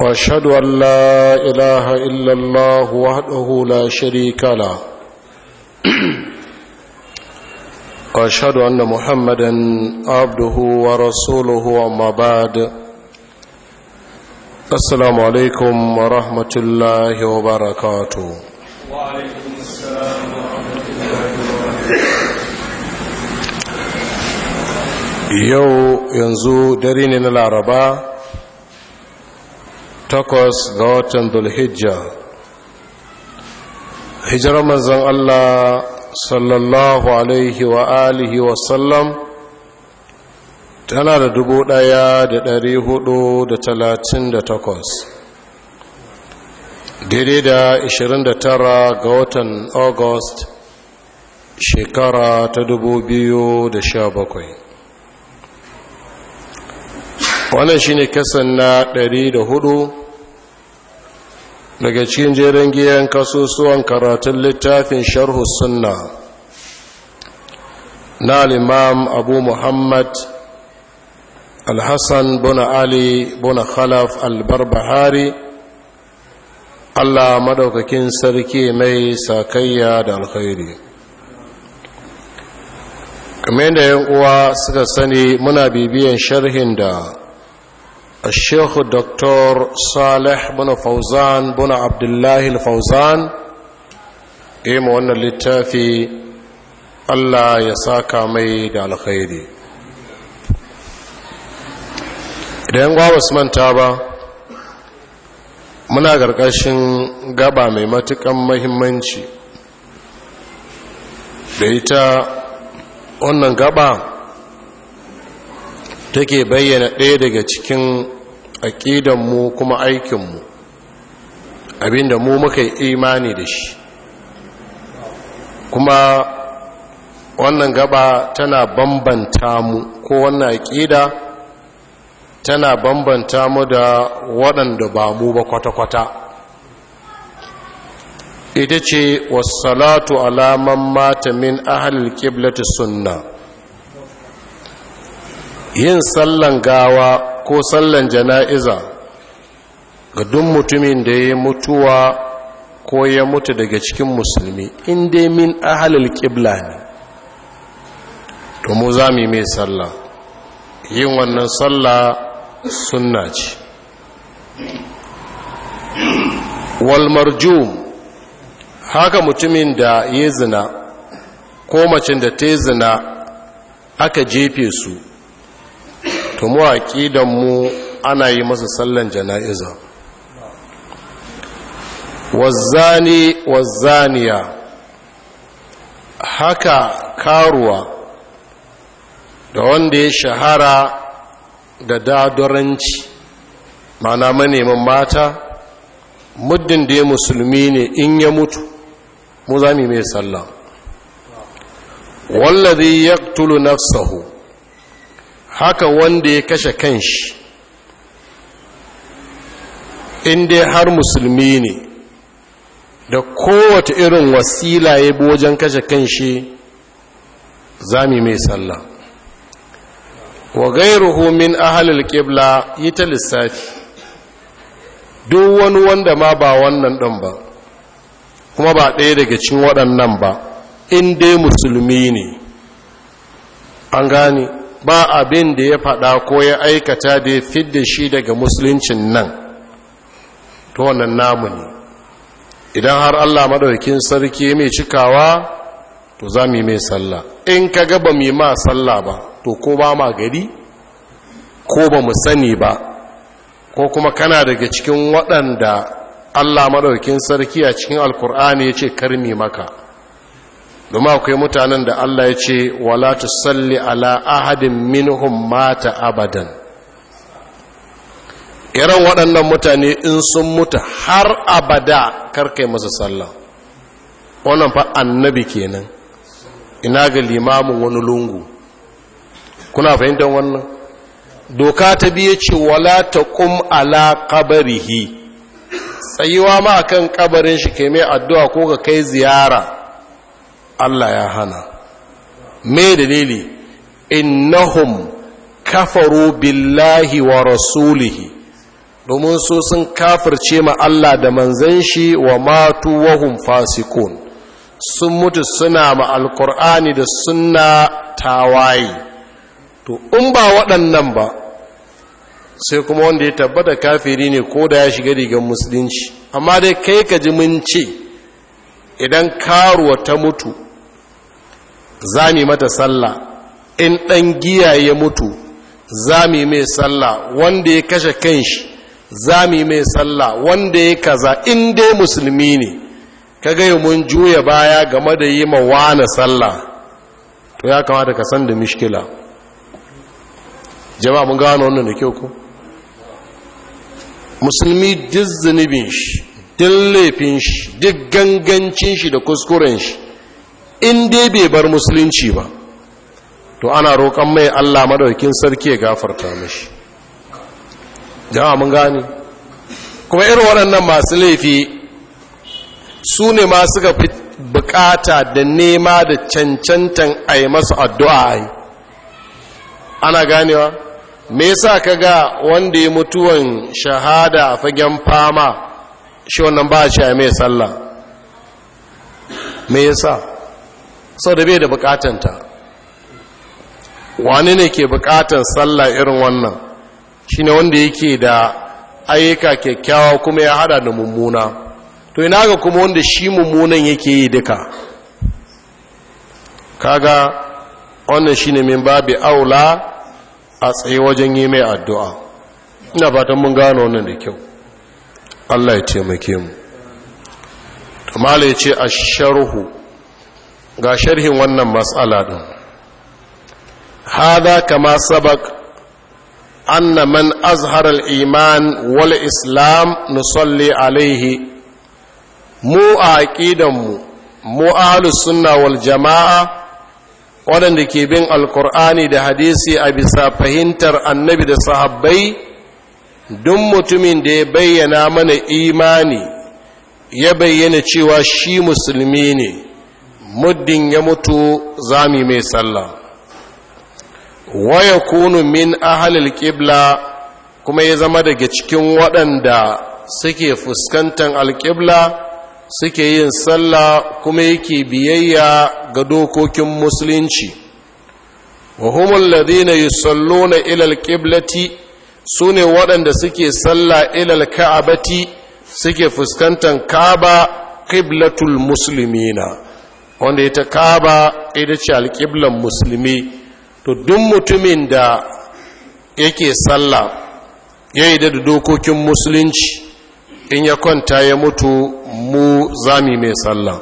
واشهد ان لا اله الا الله وحده لا شريك له واشهد ان محمدا عبده ورسوله وما بعد السلام عليكم ورحمه الله وبركاته وعليكم السلام ورحمه الله وبركاته يو ينزو درين العربه takwas ga watan dulhijja hijirar manzan Allah sallallahu alaihi wa alihi wa sallam tana da dubu daya da dari hudu da talatin da takwas daidai da ishirin da tara ga watan august shekara ta dubu biyu da sha bakwai wannan shine kasan na dari da hudu daga cikin jerin giyan kasusuwan karatun littafin sharhu sunna na limam abu muhammad alhassan buna ali buna khalaf albarbahari allah madaukakin sarki mai sakayya da alkhairi kamar yadda yan uwa suka sani muna bibiyan sharhin da الشيخ الدكتور صالح بن فوزان بن عبد الله الفوزان إيم وأن للتافي الله يساكا ميد على خيري idan gwa wasu manta ba muna ƙarƙashin gaba mai matuƙan mahimmanci da ita wannan gaba take bayyana ɗaya daga cikin mu kuma aikin mu, abinda mu muka yi imani da shi kuma wannan gaba tana bambanta mu ko wannan aƙida tana bambanta mu da waɗanda ba mu ba kwata-kwata ita ce wasalatu alaman mata min ahalil kiblatu sunna yin sallan gawa ko sallan jana'iza ga duk mutumin da ya mutuwa ko ya mutu daga cikin musulmi in dai min ahalil kibla ne domin za mu mai sallah yin wannan sallah sunna ce walmarjum haka mutumin da ya zina ko macin da ta zina aka jefe su to mu aqidan mu ana yi masa sallan jana'iza wazani wazaniya haka karuwa da wanda ya shahara da dadoranci mana maneman mata muddin da ya musulmi ne in ya mutu mu zami mai sallah wallazi yaqtulu nafsahu haka wanda ya kashe kanshi in dai har musulmi ne da kowace irin wasila ya bi wajen kashe kanshi zami mai sallah wa gairuhu min ahalil kibla yi ta lissafi duk wani wanda ma ba wannan ɗan ba kuma ba ɗaya daga cin waɗannan ba in musulmi ne an gane ba abin da ya faɗa ko ya aikata da ya da shi daga musuluncin nan to wannan namu ne idan har allah maɗaukin sarki mai cikawa to za mu yi mai sallah in ka gaba mai ma sallah ba to ko ba ma gari ko ba mu sani ba ko kuma kana daga cikin waɗanda allah maɗaukin sarki a cikin alkur'ani ya ce kar karmi maka domin akwai mutanen da Allah ya ce wala salli ala ahadin minhum mata abadan irin waɗannan mutane in sun mutu har abada karkai masa sallah wannan fa annabi kenan ina ga limamin wani lungu kuna fahimtar wannan doka ta biye ce wala ƙum ala kabarihi tsayuwa ma kan kabarin shi ke mai addu'a ko ka kai ziyara Allah ya hana me dalili innahum kafaru billahi wa rasulihi domin su sun kafirce ma Allah da manzan shi wa matu wahum fasikun sun mutu suna ma alkur'ani da sunna tawaye to in ba waɗannan ba sai kuma wanda ya tabbata kafiri ne ko da ya shiga rigar musulunci amma dai kai ka ji mun ce idan karuwa ta mutu za mu mata sallah in ɗan giya ya mutu za mu mai sallah wanda ya kashe kanshi za mu mai sallah wanda ya kaza in dai musulmi ne kaga yi mun juya baya game da yi ma wane sallah to ya kamata ka san da mishkila jama'a mun gano wannan da kyau ku musulmi duk zunubin shi duk laifin shi duk gangancin shi da kuskuren shi in dai bai bar musulunci ba to ana roƙon mai Allah madaukin sarki ya gafarta mishi jama'a mun gane kuma irin waɗannan masu laifi su ne ma suka fi bukata da nema da cancantan a yi masu addu'a a yi ana ganewa me yasa ka ga wanda ya mutuwan shahada a fagen fama shi wannan ba shi a mai sallah me yasa sau da bai da bukatanta wani ne ke bukatan sallah irin wannan shi ne wanda yake da ayyuka kyakkyawa kuma ya hada da mummuna to ina ga kuma wanda shi mummunan yake yi duka kaga wannan shi ne min babi aula a tsaye wajen yi mai addu'a ina fatan mun gano wannan da kyau Allah ya taimake mu to mala ya ce a sharuhu ga sharhin wannan matsala ɗin hada kama sabak anna man azhar iman wal islam nusalli alaihi mu a aƙidanmu mu ahlus sunna wal jama'a waɗanda ke bin alkur'ani da hadisi a bisa fahimtar annabi da sahabbai duk mutumin da ya bayyana mana imani ya bayyana cewa shi musulmi ne muddin ya mutu zami mai sallah waya kunu min ahalil ƙibla kuma ya zama daga cikin waɗanda suke fuskantar alƙibla suke yin sallah kuma yake biyayya ga dokokin musulunci wa humul ladina ilal kiblati su ne waɗanda suke sallah ilal ka'abati suke fuskantar kaaba qiblatul musulmina. wanda ya ta kaba ita ce alƙiblan musulmi to duk mutumin da yake sallah ya yi da dokokin musulunci in ya kwanta ya mutu mu zami mai sallah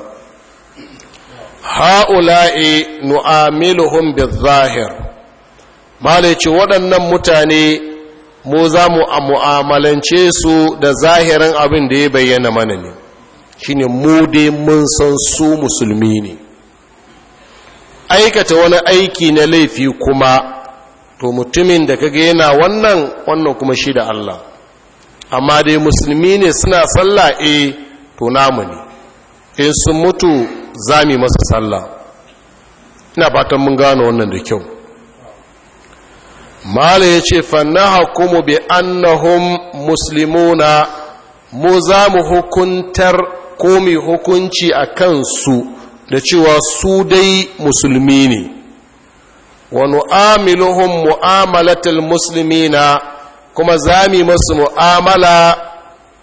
ha'ula'i nu'amiluhum zahir ce waɗannan mutane mu za mu mu'amalance su da zahirin abin da ya bayyana mana ne shine mu dai mun san su musulmi ne aikata wani aiki na laifi kuma to mutumin da kaga yana wannan wannan kuma shi da Allah amma dai musulmi ne suna sallah e to namu ne in sun mutu zami masa sallah ina fatan mun gano wannan da kyau mala ya ce kuma bi annahum muslimuna mu za mu hukuntar ko mai hukunci a kansu da cewa su dai musulmi ne wani amiluhun mu'amalatul musulmi na kuma zami masu mu'amala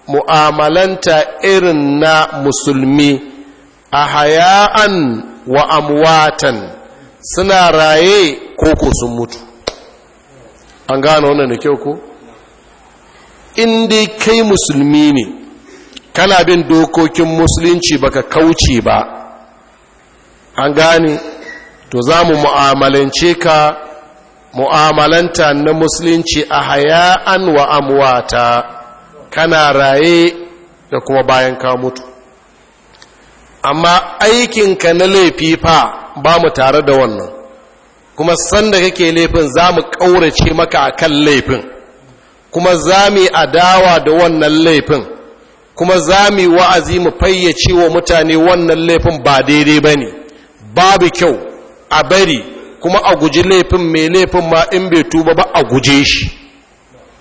mu'amalanta irin na musulmi a haya'an wa amwatan suna raye koko sun mutu an gano wannan da kyau ko in dai kai musulmi ne kana bin dokokin musulunci baka kauce ba an gane to za mu mu'amalance ka mu'amalanta na musulunci a haya an wa amwata kana raye da kuma bayan ka mutu amma aikinka na laifi fa ba mu tare da wannan kuma sanda kake laifin za mu ƙaurace maka a kan laifin kuma za mu adawa da wannan laifin kuma za mu wa'azi mu fayyace wa mutane wannan laifin ba daidai ba ne babu kyau a bari kuma a guji laifin mai laifin ma in bai tuba ba a guje shi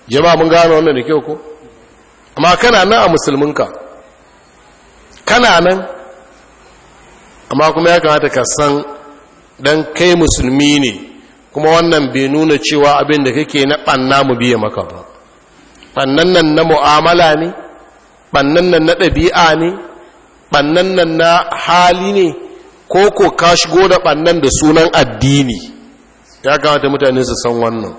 jama mun gano wannan da kyau ko amma kana nan a musulminka kana nan amma kuma ya kamata ka san dan kai musulmi ne kuma wannan bai nuna cewa abin da kake na ɓanna mu biya maka ba ɓannan nan na mu'amala ne ɓannan nan na ɗabi'a ne ɓannan nan na hali ne ko ko ka shigo da ɓannan da sunan addini ya kamata mutane su san wannan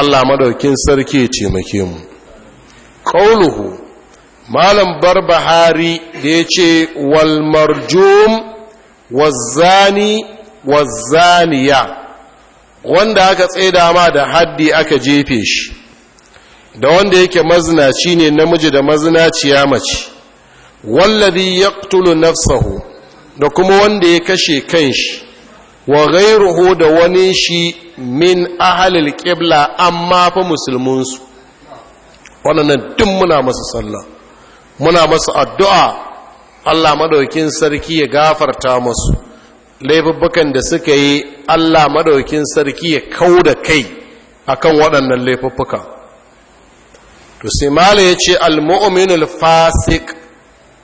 allah madaukin sarki ce make mu ƙauluhu malam barbahari da ya ce walmarjum wazzani wazzaniya wanda aka tsaye dama da haddi aka jefe shi da wanda yake mazinaci ne namiji da mazinaciya mace wallazi yaqtulu nafsahu da kuma wanda ya kashe kanshi wa ghayruhu da wani shi min ahlil qibla amma fa su wannan duk muna masa sallah muna masa addu'a Allah madaukin sarki ya gafarta musu laifuffukan da suka yi Allah madaukin sarki ya kauda kai akan waɗannan laifuffuka to sai mala ya ce al-mu'minul fasik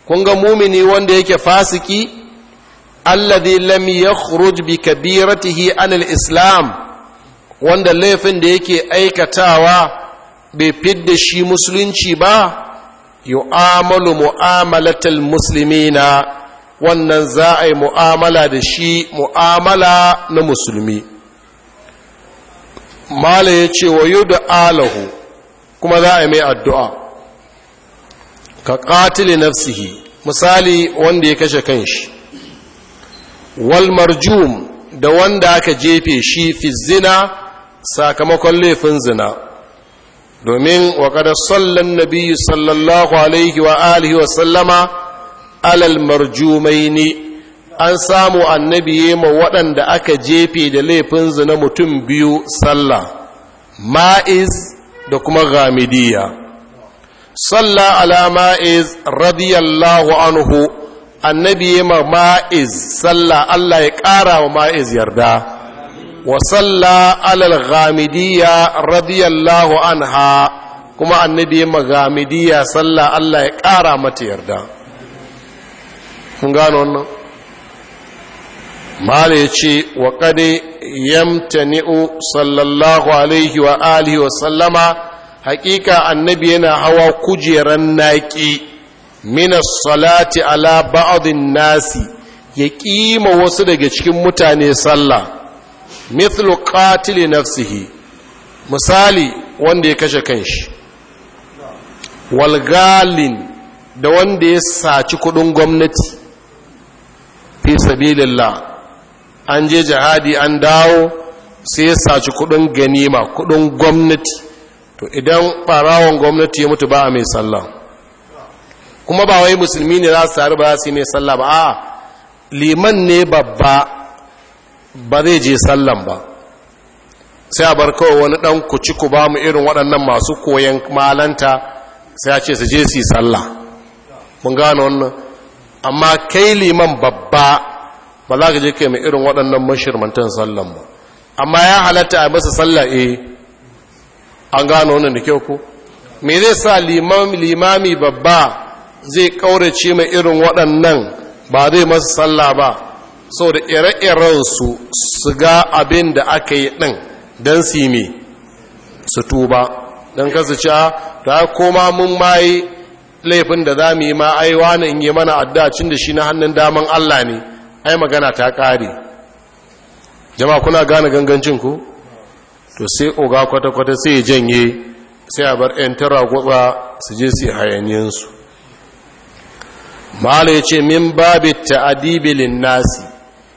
kun ga mumini wanda yake fasiki alladhi lam yakhruj bi kabiratihi an al-islam wanda laifin da yake aikatawa bai fidda shi musulunci ba yu'amalu mu'amalatal muslimina wannan za a yi mu'amala da shi mu'amala na musulmi mala ya ce wa yudu alahu kuma za a yi mai addu'a ka ƙatile nafsihi misali wanda ya kashe kanshi wal marjum da wanda aka jefe shi fi zina sakamakon laifin zina domin wa kada sallan nabi sallallahu alaihi wa alihi wa sallama alal marjumai ne, an samu annabi ma waɗanda aka jefe da laifin zina mutum biyu sallah ma'iz da kuma ghamidiyya salla ala ma'iz radiyallahu anhu annabi ma ma'iz salla Allah ya ƙara wa ma'iz yarda wa salla alal ghamidiyya radiyallahu anha kuma annabi ma ghamidiyya salla Allah ya ƙara mata yarda kun gano wannan mala ya ce wa yamta yamtani'u sallallahu alaihi wa alihi wa sallama hakika annabi yana hawa kujerar naƙi. min salati ala ba'dhin nasi ya ƙima wasu daga cikin mutane sallah mithlu qatil nafsihi misali wanda ya kashe kanshi walgalin da wanda ya saci kudin gwamnati fi sabilillah an je jihadi an dawo sai ya saci kudin ganima kudin gwamnati to idan farawon gwamnati ya mutu ba a mai sallah kuma ba wai musulmi ne za su taru ba za su yi mai sallah ba a liman ne babba ba zai je sallah ba sai a bar kawai wani dan kuci ku ba mu irin waɗannan masu koyan malanta sai a ce su je su yi sallah mun gano wannan amma kai liman babba ba za ka je kai mai irin waɗannan mashirmantan sallan ba amma ya halatta a masa sallah e, an gano wannan da kyau ko me zai sa limami babba zai ƙaurace mai irin waɗannan ba zai masa sallah ba sau da ire-iren su su ga abin da aka yi ɗin don su mai su tuba don kasu ca ah, ta koma mun maye laifin da za mu yi ma aiwa na in yi mana addacin da shi na hannun daman Allah ne ai magana ta ƙare jama'a kuna gane gangancin ku to sai oga kwata-kwata sai ya janye sai a bar 'yan tara gwaba su je su hayaniyansu ma'ala ya ce min babi ta'adibilin nasi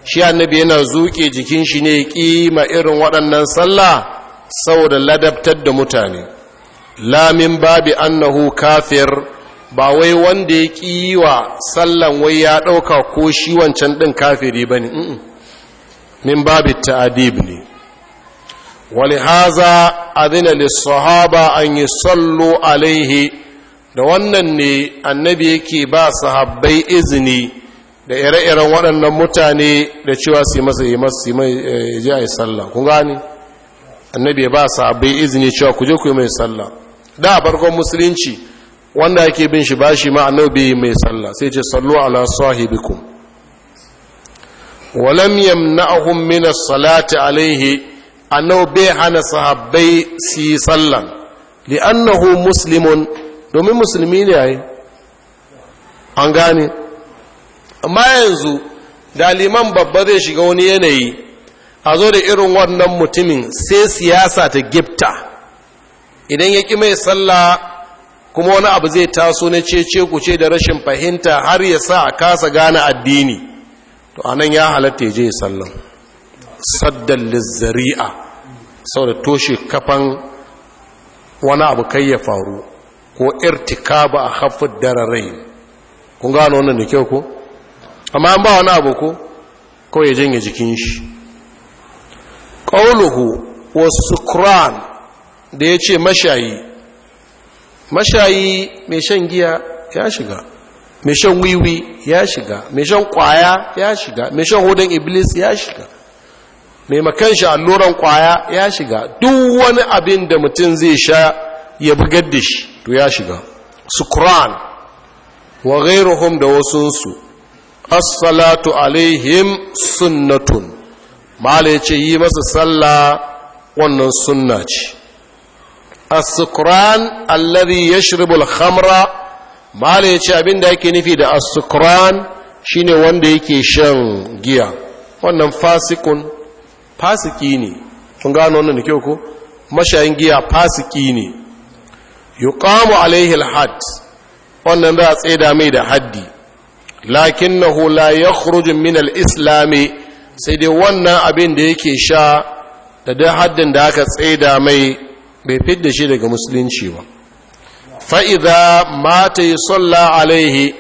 shi annabi yana zuke jikin shi ne kima irin waɗannan sallah saboda ladabtar da mutane lamin babu annahu kafir ba wai wanda ya ƙi wa sallan wai ya ɗauka ko shi wancan ɗin kafiri ba ne min babi ta'adib ne wani haza adina lissahaba an yi sallo alaihi da wannan ne annabi yake ba sahabbai izini da ire-iren waɗannan mutane da cewa su masa yi masu yi ji eh, a yi sallah kun gani annabi ya ba sahabbai izini cewa ku je ku yi mai sallah da farkon musulunci wanda yake bin shi bashi ma annabi mai sallah sai ce sallu ala sahibikum walam yamna'hum min as-salati alayhi annabi hana sahabbai si sallan li'annahu muslimun domin musulmi ne ai an gane amma yanzu da liman babba zai shiga wani yanayi a zo da irin wannan mutumin sai siyasa ta gifta idan ya ki mai sallah kuma wani abu zai taso na cece ku ce da rashin fahimta har ya sa a kasa gane addini to anan ya halatta je sallan saddan lizzari'a da toshe kafan wani abu kai ya faru ko ba a haffin dararai kun gano wannan da kyau ko amma an ba wani abu ko kawai ya janye jikin shi ƙauluhu wasu sukran da ya ce mashayi mashayi mai shan giya ya shiga mai shan wiwi ya shiga mai shan kwaya ya shiga mai shan hudun iblis ya shiga mai makanshi alluran kwaya ya shiga duk wani abin da mutum zai sha ya bugar da shi to ya shiga sukran wa ghairuhum da wasunsu as-salatu alaihim sunnatun ya ce yi masa sallah wannan sunna ce as-sukran alladhi yashribu al-khamra mala yace abinda yake nufi da as-sukran shine wanda yake shan giya wannan fasikun fasiki ne kun gano wannan da ko mashayin giya fasiki ne yuqamu alaihi al-hadd wannan za a tseda mai da haddi lakinnahu la yakhruju min al-islami sai dai wannan abin da yake sha da da haddin da aka tseda mai bai fidda shi daga musulunci ba fa'iza mata yi salla alaihi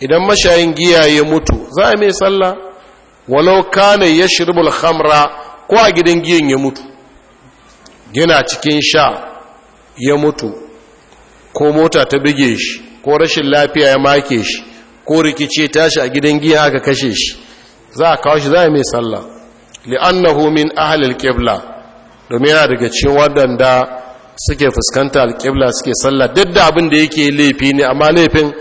idan mashayin giya ya mutu za a mai salla walau kane ya shirbul hamra ko a gidan giyan ya mutu yana cikin sha ya mutu ko mota ta bige shi ko rashin lafiya ya make shi ko rikice tashi a gidan giya aka kashe shi za a kawo shi za a mai salla li'annahu min ahalil kebla domin yana daga cikin waɗanda suke fuskanta alƙibla suke sallah duk da abin da yake laifi ne amma laifin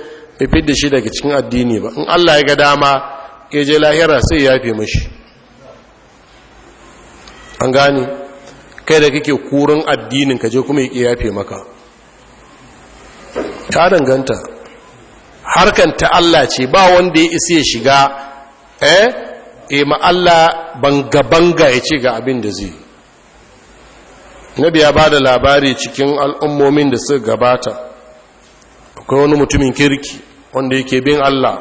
bai da shi daga cikin addini ba in allah ya ga dama ya je lahira sai ya fi mashi an gane kai da kake kurin addinin ka je kuma ya yafe maka ta danganta harkan ta Allah ce ba wanda ya isa ya shiga eh e ma Allah banga banga ya ce ga abin da zai nabi ya ba da labari cikin al'ummomin da suka gabata akwai wani mutumin kirki wanda yake bin Allah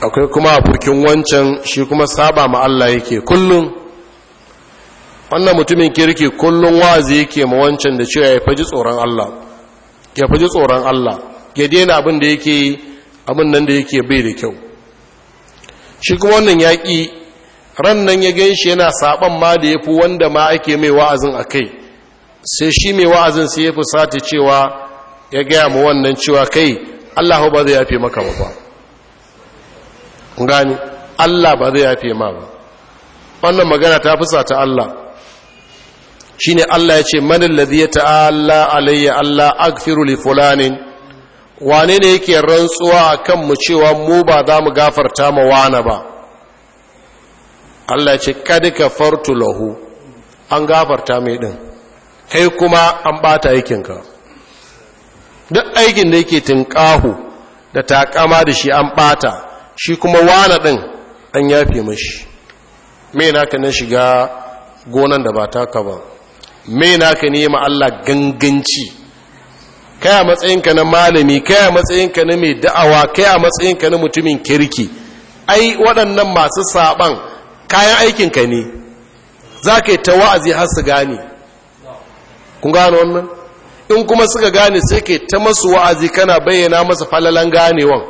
akwai kuma abokin wancan shi kuma saba ma Allah yake kullum wannan mutumin kirki kullum wazi yake ma wancan da cewa ya faji tsoron Allah ya faji tsoron Allah ya daina abin da yake abin nan da yake bai da kyau shi kuma wannan yaƙi ran nan ya gan shi yana saban ma da ya fi wanda ma ake mai wa'azin a kai sai shi mai wa'azin sai ya sati cewa ya gaya mu wannan cewa kai allahu ba zai yafe maka ba gani allah ba zai yafe ma ba wannan magana ta sata allah shi ne allah ya ce manin ladiyya ta'ala alayya allah agfiru li fulanin wane ne yake rantsuwa a kanmu cewa mu ba za mu gafarta ma wane ba Allah ce kada ka fartu lahu an gafarta mai din kai kuma an bata aikinka duk aikin da yake tinkahu da takama da shi an bata shi kuma wana din an yafe mashi me naka na shiga gonan da ba taka ba me naka ne ma Allah ganganci kai a matsayinka na malami kai a matsayinka na mai da'awa kai a matsayinka na mutumin kirki ai waɗannan masu saɓan. kayan aikinka ne za ka yi ta wa'azi har su gane kun gane wannan in kuma suka gane sai ka ta masu wa'azi kana bayyana masa falalan ganewan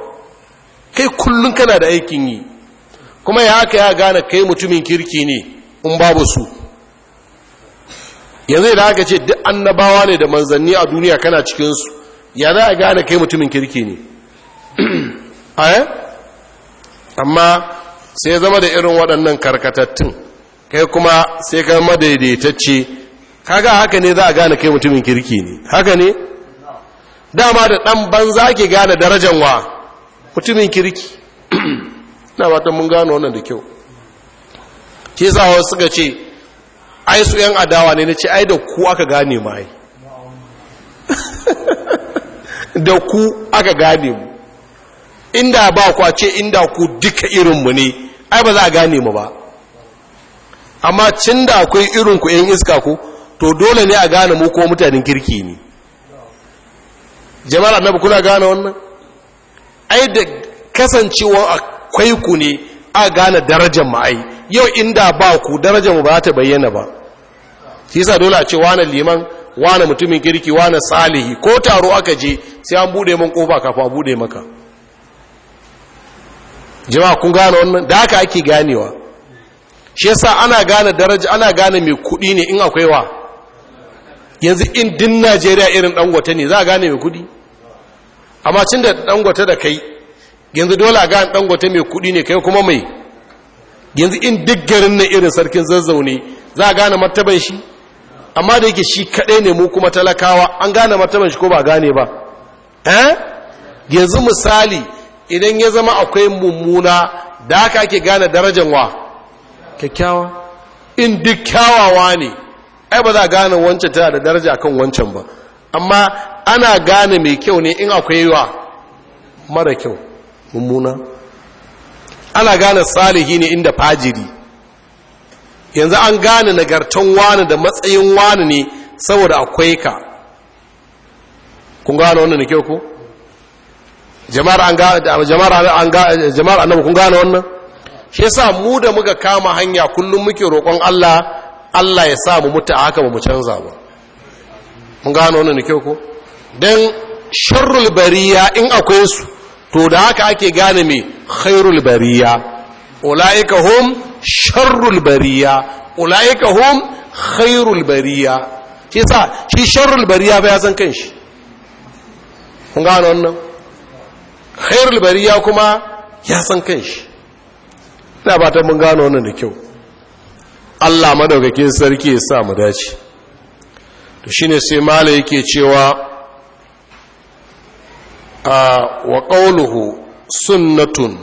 kai kullum kana da aikin yi kuma ya haka ya gane kai mutumin kirki ne in babu su yanzu da haka ce duk annabawa ne da manzanni a duniya kana cikinsu ya za a gane kai mutumin kirki ne eh? amma sai zama da irin waɗannan karkatattun kai kuma sai ka madaidaitacce kaga haka ne za a gane kai mutumin kirki ne haka ne dama da ɗan banza ke gane darajan wa mutumin kirki na watan mun gano wannan da kyau ke sa wasu suka ce ai su yan adawa ne na ce ai da ku aka gane ma da ku aka gane mu inda ba ku a ce inda ku duka irinmu ne ai ba za a gane mu ba amma cin da akwai irinku 'yan iska ku to dole ne a gane mu ko mutanen kirki ne jama'ar annabi kuna gane wannan ai da kasancewa akwai ku ne a gane darajar mu ai yau inda ba ku darajar mu ba ta bayyana ba shi yasa dole a ce wani liman wani mutumin kirki wani salihi ko taro aka je sai an bude min kofa kafa a bude maka jama'a kun gane wannan da haka ake ganewa shi yasa ana gane daraja ana gane mai kuɗi ne in akwai wa yanzu in din najeriya irin dangote ne za a gane mai kuɗi amma cin da dangote da kai yanzu dole a gane dangote mai kuɗi ne kai kuma mai yanzu in duk garin na irin sarkin ne za a gane martaban shi amma da yake shi kaɗai ne mu kuma talakawa an gane martaban shi ko ba gane ba eh yanzu misali idan ya zama akwai mummuna da haka ake gane darajan wa kyakkyawa in duk kyawawa ne ai ba za a gane wancan tana da daraja akan wancan ba amma ana gane mai kyau ne in akwai wa mara kyau mummuna ana gane salihi ne inda fajiri yanzu an gane nagartan wani da matsayin wani ne saboda akwai ka kun gane wannan da kyau ko jama'ar an jama'ar annabi kun wannan shi sa mu da muka kama hanya kullum muke roƙon Allah Allah ya sa mu mutu a haka ba mu canza ba mun gane wannan ne ko dan sharrul bariya in akwai su to da haka ake gane me khairul bariya ulaika hum sharrul bariya ulaika hum khairul bariya shi sa shi sharrul bariya ba ya san kanshi kun gane wannan khairul bariya kuma ya san kanshi ina ba ta mun gano wannan da kyau Allah madaukakin sarki ya sa mu dace to shine sai Malam yake cewa a wa qawluhu sunnatun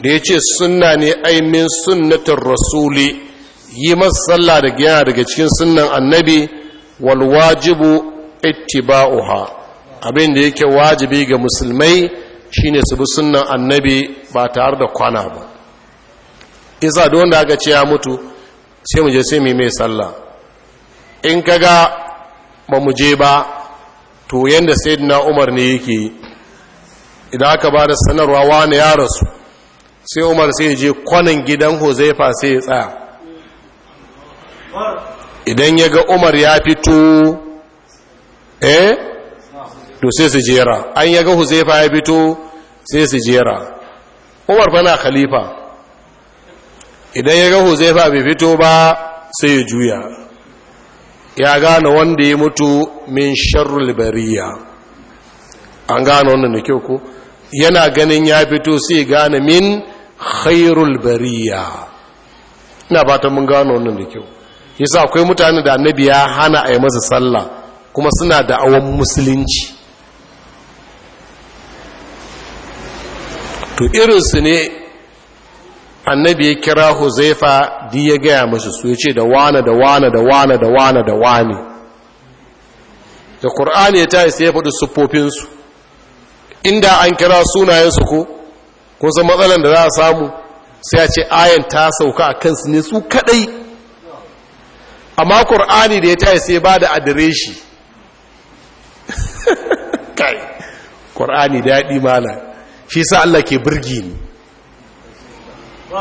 da yace sunna ne aimin sunnatin rasuli yi masalla sallah da yana daga cikin sunnan annabi wal wajibu ittiba'uha abin da yake wajibi ga musulmai shine su bi sunnan annabi ba tare da kwana ba isa da wanda aka ce ya mutu sai mu je sai mu mai sallah in kaga ba mu je ba to yadda saidina umar ne yake idan aka ba da sanarwa wani ya rasu sai umar sai je kwanan gidan huzaifa sai ya tsaya idan ya ga umar ya fito eh to sai su jera an yaga huzaifa ya fito sai su jera umar bana khalifa idan yaga huzaifa bai fito ba sai ya juya ya gane wanda ya mutu min sharrul bariya an gane wannan da kyau ko yana ganin ya fito sai gane min khairul bariya ina fatan mun gano wannan da kyau yasa akwai mutane da annabi ya hana a yi masa sallah kuma suna da awon musulunci to irinsu ne annabi ya kira huzaifa di ya gaya masu su ya ce da wane da wane da wane da wane da wane da ƙur'ani ya ta isa ya faɗi siffofinsu inda an kira sunayensu ko ko san matsalan da za a samu sai a ce ayan ta sauka a kansu ne su kaɗai amma ƙur'ani da ya ta isa ya ba da adireshi kai ƙur'ani daɗi na. shi sa Allah ke birgi ni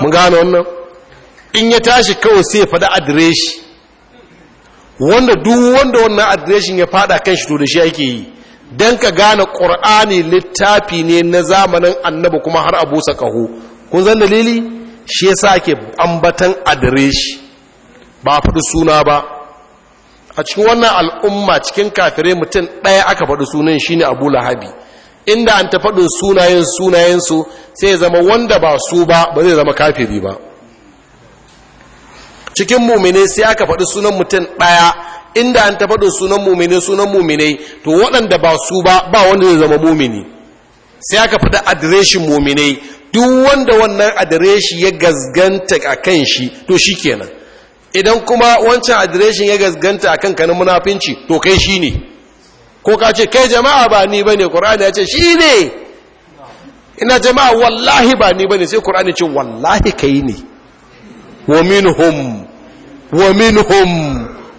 mun gano wannan in ya tashi kawai sai ya faɗi adireshi wanda duk wanda wannan adireshin ya faɗa kan shi to da shi ake yi don ka gane ƙur'ani littafi ne na zamanin Annabi kuma har abu kaho kun zan dalili shi ya sa ake ambatan adireshi ba faɗi suna ba a cikin wannan al'umma cikin kafirai mutum ɗaya aka faɗi sunan shi ne abu lahabi inda an ta faɗin sunayen sunayensu sai zama wanda ba su ba ba zai zama kafiri ba cikin mumine sai aka faɗi sunan mutum ɗaya inda an ta faɗin sunan mumine sunan mumine to waɗanda ba su ba ba wanda zai zama mumini sai aka faɗi adireshin mumine duk wanda wannan adireshi ya gazganta a kan shi to shi kenan idan kuma wancan adireshin ya gazganta a kan kanin munafinci to kai shi ne ko ka ce kai jama'a ba ni bane qur'ani ya ce shi ne ina jama'a wallahi ba ni bane sai qur'ani ce wallahi kai ne wa minhum wa minhum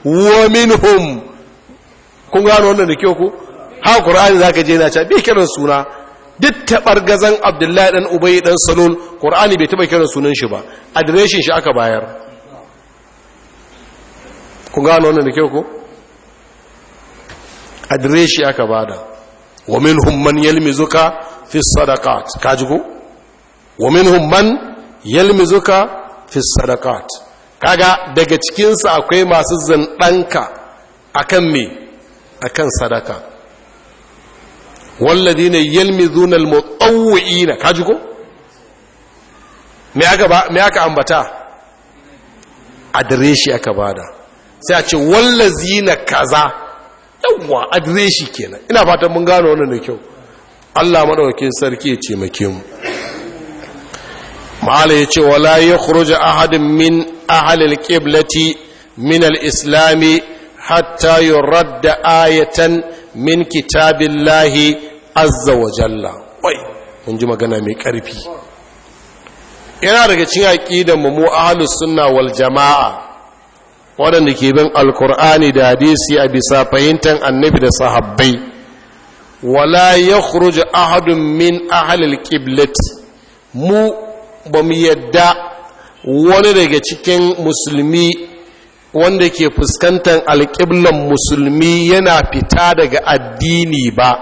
wa minhum kun gano wannan da kiyo ku ha qur'ani zaka je na ce bi kiran suna duk tabar gazan abdullahi dan ubay dan salul qur'ani bai taba kiran sunan shi ba adireshin shi aka bayar kun gano wannan da kyau ku adireshi aka bada wamin humman yalmi zuka fi sadakat kaji Wamin humman minhum man zuka fi sadakat. kaga daga cikinsu akwai masu a akan me akan sadaka walladina yalmizuna almutawwi'ina kaji ko me aka me aka ambata adireshi aka bada sai a ce na kaza yawwa shi kenan ina fatan mun gano wannan da kyau Allah madaukakin sarki ya ce taimake mu ma'ala ya ce wala ya ahadin min ahalil kiblati min al-islami hatta yuradda ayatan min kitabillahi azza wa jalla wai mun ji magana mai ƙarfi. yana daga cikin aqidan mu mu ahlus sunna wal jamaa waɗanda ke bin alkur'ani da hadisi a bisa fahimtar annabi da sahabbai wala ya khuruji ahadun min ahalil kiblet mu ba mu yadda wani daga cikin musulmi wanda ke fuskantar alƙiblan musulmi yana fita daga addini ba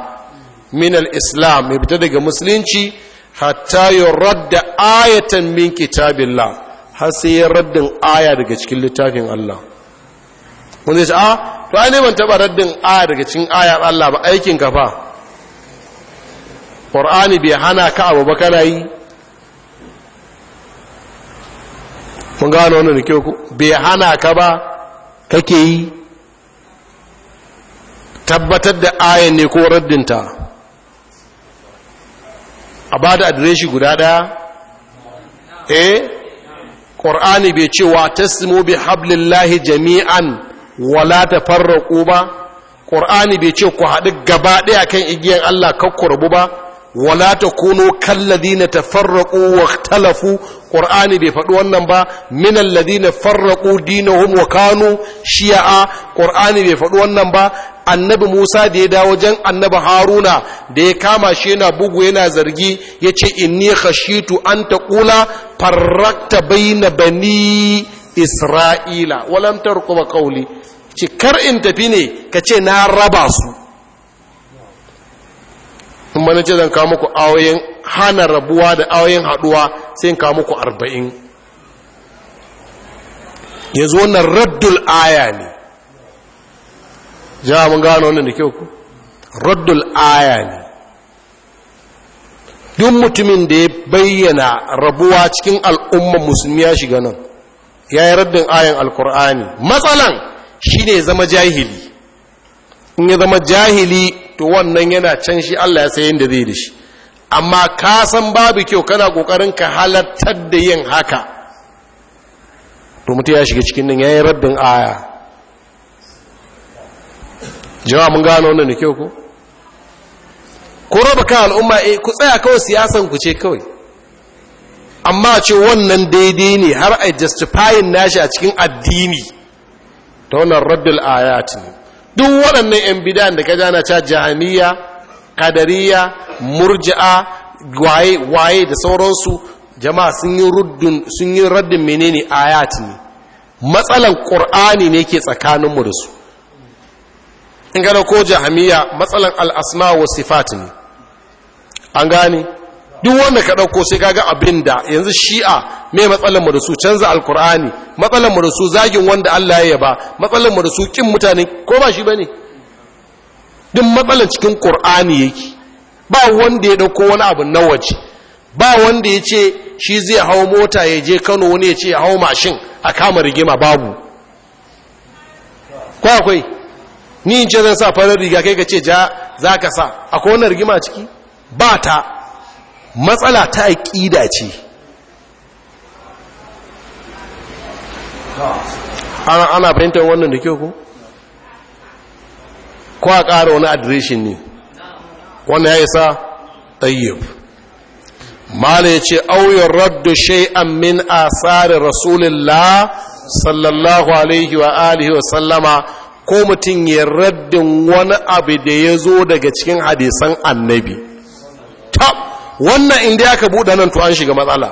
min al-islam ya fita daga musulunci hatta yi radda ayatan min kitabillah har sai ya raddin aya daga cikin littafin Allah wanda ya ce a to a ne ban taba raddin aya daga cikin ayar Allah ba aikin ka fa Qur'ani bai hana ka abu ba kana yi mun gano wani da kyau bai hana ka ba kake yi tabbatar da ayan ne ko raddinta a ba da adireshi guda daya eh ƙor'ani bai ce wa simo bi hablillahi jami'an wala farraƙo ba ƙor'ani bai ce ku haɗu gaba ɗaya kan igiyar Allah kakkurbu ba ولا تكونوا كالذين تفرقوا wa ikhtalafu qur'ani bai faɗi wannan ba min alladhina farraqu dinahum wa kanu shi'a qur'ani bai faɗi wannan ba annabi Musa da ya dawo wajen annabi Haruna da ya kama shi yana bugu yana zargi yace inni khashitu an taqula farraqta bayna bani isra'ila walam tarqu qawli ce in tafi ne kace na raba su in mana ce zan kawo muku awoyin hana rabuwa da awoyin haduwa sai in kawo muku arba'in yanzu wannan raddul aya ne ja mun gano wannan da kyau ku raddul aya ne duk mutumin da ya bayyana rabuwa cikin al'umma musulmi ya shiga nan ya yi raddin ayan alkur'ani matsalan shi ne zama jahili in ya zama jahili to wannan yana can shi Allah ya sayin da zai da shi amma ka san babu kyau kana kokarin ka halartar da yin haka to mutum ya shiga cikin nan yayin rabbin aya jama'a mun gano wannan da kyau ko ko raba kan al'umma eh ku tsaya kawai siyasan ku ce kawai amma ce wannan daidai ne har a justifying nashi a cikin addini ta wannan raddul ayat ne duk waɗannan 'yan bidan da ka jana ca jahamiya kadariya murji'a waye waye da sauransu jama'a sun yi ruddun sun yi raddin menene ayat ne matsalan qur'ani ne ke tsakaninmu da su in gana ko jahamiya matsalan al-asma wa sifat ne an gane duk wanda ka ɗauko sai ga abin da yanzu shi'a mai matsalar mu da su canza alkur'ani Matsalan mu da su zagin wanda Allah ya yaba Matsalan mu da su kin mutane ko ba shi bane duk matsalar cikin qur'ani yake ba wanda ya ɗauko wani abu na waje ba wanda ya ce shi zai hau mota ya je Kano wani ya ce ya hau mashin a kama rigima babu ko akwai ni in ce zan sa farar riga kai ka ce ja zaka sa akwai wannan rigima ciki ba ta matsala ta aƙida ce ana fahimtar wannan da kyau ku, ko a ƙara wani adireshin ne wannan ya isa tayyib mala ya ce auyar raddu shay'an min asari rasulillah sallallahu alaihi wa alihi wa sallama ko mutum ya raddin wani abu da ya zo daga cikin hadisan annabi wannan inda aka buɗe nan to an shiga matsala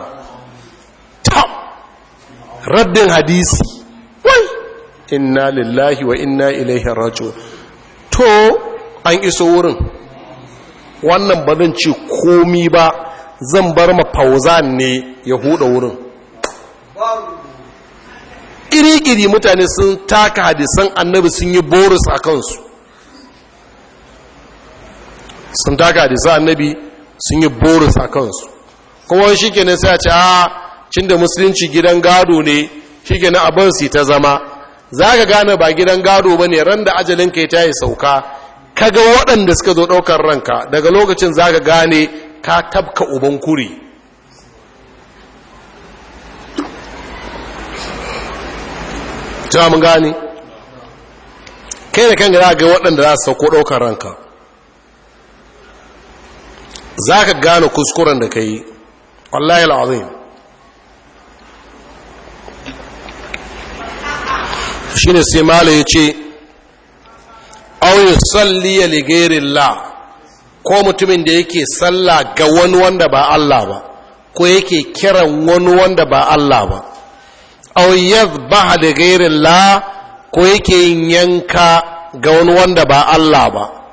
ta raddin hadisi wai inna lillahi wa inna ilaihi rajo to an iso wurin wannan ba zan ce komi ba zan bar ma fauzan ne ya huda wurin iri-iri mutane sun taka hadisan annabi sun yi boris a kansu sun taka hadisan annabi sun yi boris a kansu kuma shi nan sai a ce a ah, cin da musulunci gidan gado ne shi nan abin su ta zama za ka gane ba gidan gado ba ne ran da ajalin kai ta yi sauka kaga waɗanda suka zo ɗaukar ranka daga lokacin za ka gane ka tabka uban kuri ta mun gane kai da kan ga waɗanda za su sauko ɗaukar ranka za ka gane kuskuren da ka yi wallahi al'azim shi ne sai mala ya ce auyi salli ya ligerin la ko mutumin da yake salla ga wani wanda ba Allah ba ko yake kiran wani wanda ba Allah ba auyi ba da gairin la ko yake yin yanka ga wani wanda ba Allah ba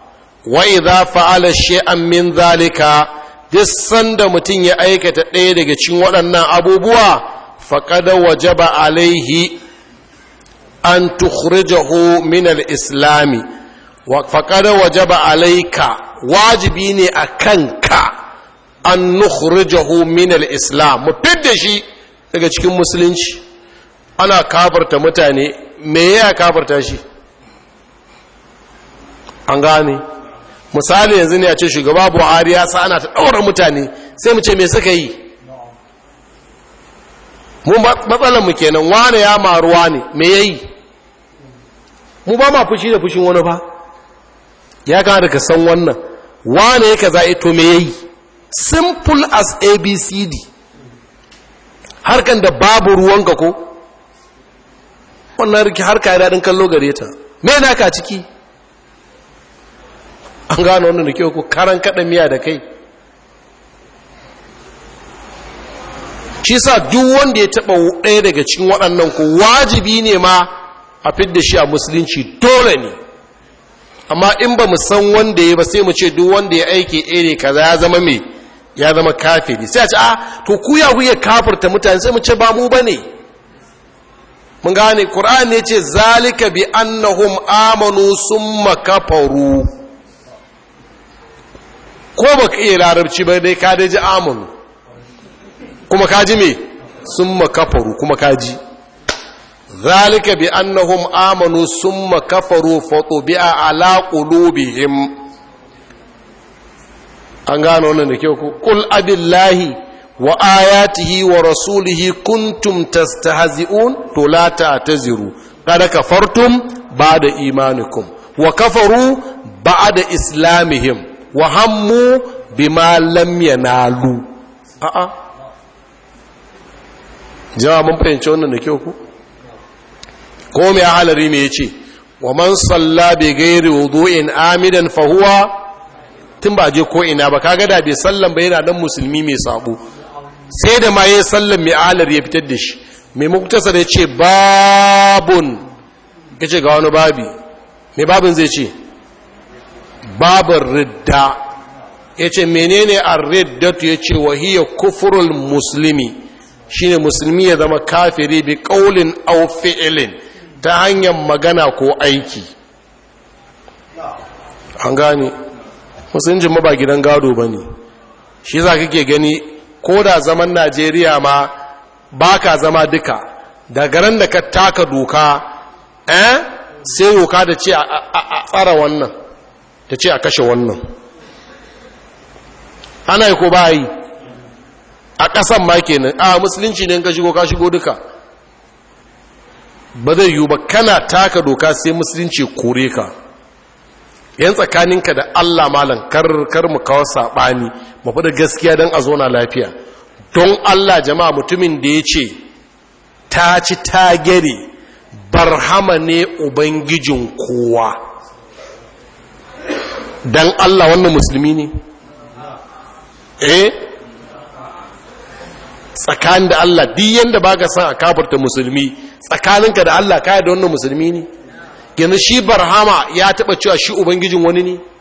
wai za fa'ala she'an min zalika duk sanda mutum ya aikata ɗaya daga cikin waɗannan abubuwa faƙada wajaba alaihi an tukhrijahu min al-islami wa faƙada wajaba alaika wajibi ne a kanka an nukhrijahu min al-islam mu fidda shi daga cikin musulunci ana kafarta mutane me ya kafarta shi an gane misali yanzu ne a ce shugaba buhari ya sa ana ta ɗaura mutane sai mu ce me suka yi mu matsalanmu kenan wane ya maruwa ne me ya yi mu ba ma fushi da fushin wani ba ya gane ka san wannan wane ya kaza ito eh, me ya yi simple as abcd harkan da babu ruwanka ko wannan harka ya daɗin kallo gare ta me na ka ciki an gano wannan da kyau ko karan kaɗa miya da kai shi sa duk wanda ya taɓa ɗaya daga cikin waɗannan ku wajibi ne ma a fidda shi a musulunci dole ne amma in ba mu san wanda ya ba sai mu ce duk wanda ya aiki ɗaya ne kaza ya zama mai ya zama kafiri sai a ce a ah, to ku ya kuke kafirta mutane sai mu ce ba mu ba ne? mun gane ƙura'an ne ce zalika bi annahum amanu summa kafaru ko ba ka iya larabci ba dai ka dai ji kuma ka me sun makafaru kuma ka ji zalika bi annahum amanu sun makafaru fato bi ala qulubihim an gano wannan da kyau kul abillahi wa ayatihi wa rasulihi kuntum tastahzi'un to la ta'taziru qad kafartum ba'da imanikum wa kafaru ba'da islamihim wa hammu ma lam yanalu a'a jama'a mun fahimci wannan da kyau ku ko mai halari me yace wa man salla bi ghairi wudu'in amidan fa huwa tun ba je ko ina ba kaga da bai sallan ba yana dan musulmi mai sabo sai da ma yayi sallan mai alar ya fitar da shi mai muktasa da yace babun kace ga wani babi mai babin zai ce babar ridda ya ce menene ridda tu ya ce wahiyya kufurul musulmi shine musulmi ya zama kafiri bi kaulin au fi'ilin ta hanyar magana ko aiki an gane musulunci ba gidan gado ba ne shi za kake gani ko da zaman najeriya ma ba ka zama duka da ran da ka taka doka eh sai doka da ce a tsara wannan ta ce a kashe wannan ana yi ko ba yi a ƙasan ma kenan a musulunci ne ka shigo ka shigo duka ba zai yiwu ba kana taka doka sai musulunci kore ka yan tsakaninka da allah malam kar mu kawo saɓani mafi da gaskiya don a zona lafiya don allah jama'a mutumin da ya ce ta ci ta gari barhama ne ubangijin kowa dan Allah wannan musulmi ne eh tsakanin da Allah duk yanda baka san a kafirta musulmi tsakaninka da Allah kai da wannan musulmi ne yanzu shi barhama ya taba cewa shi ubangijin wani ne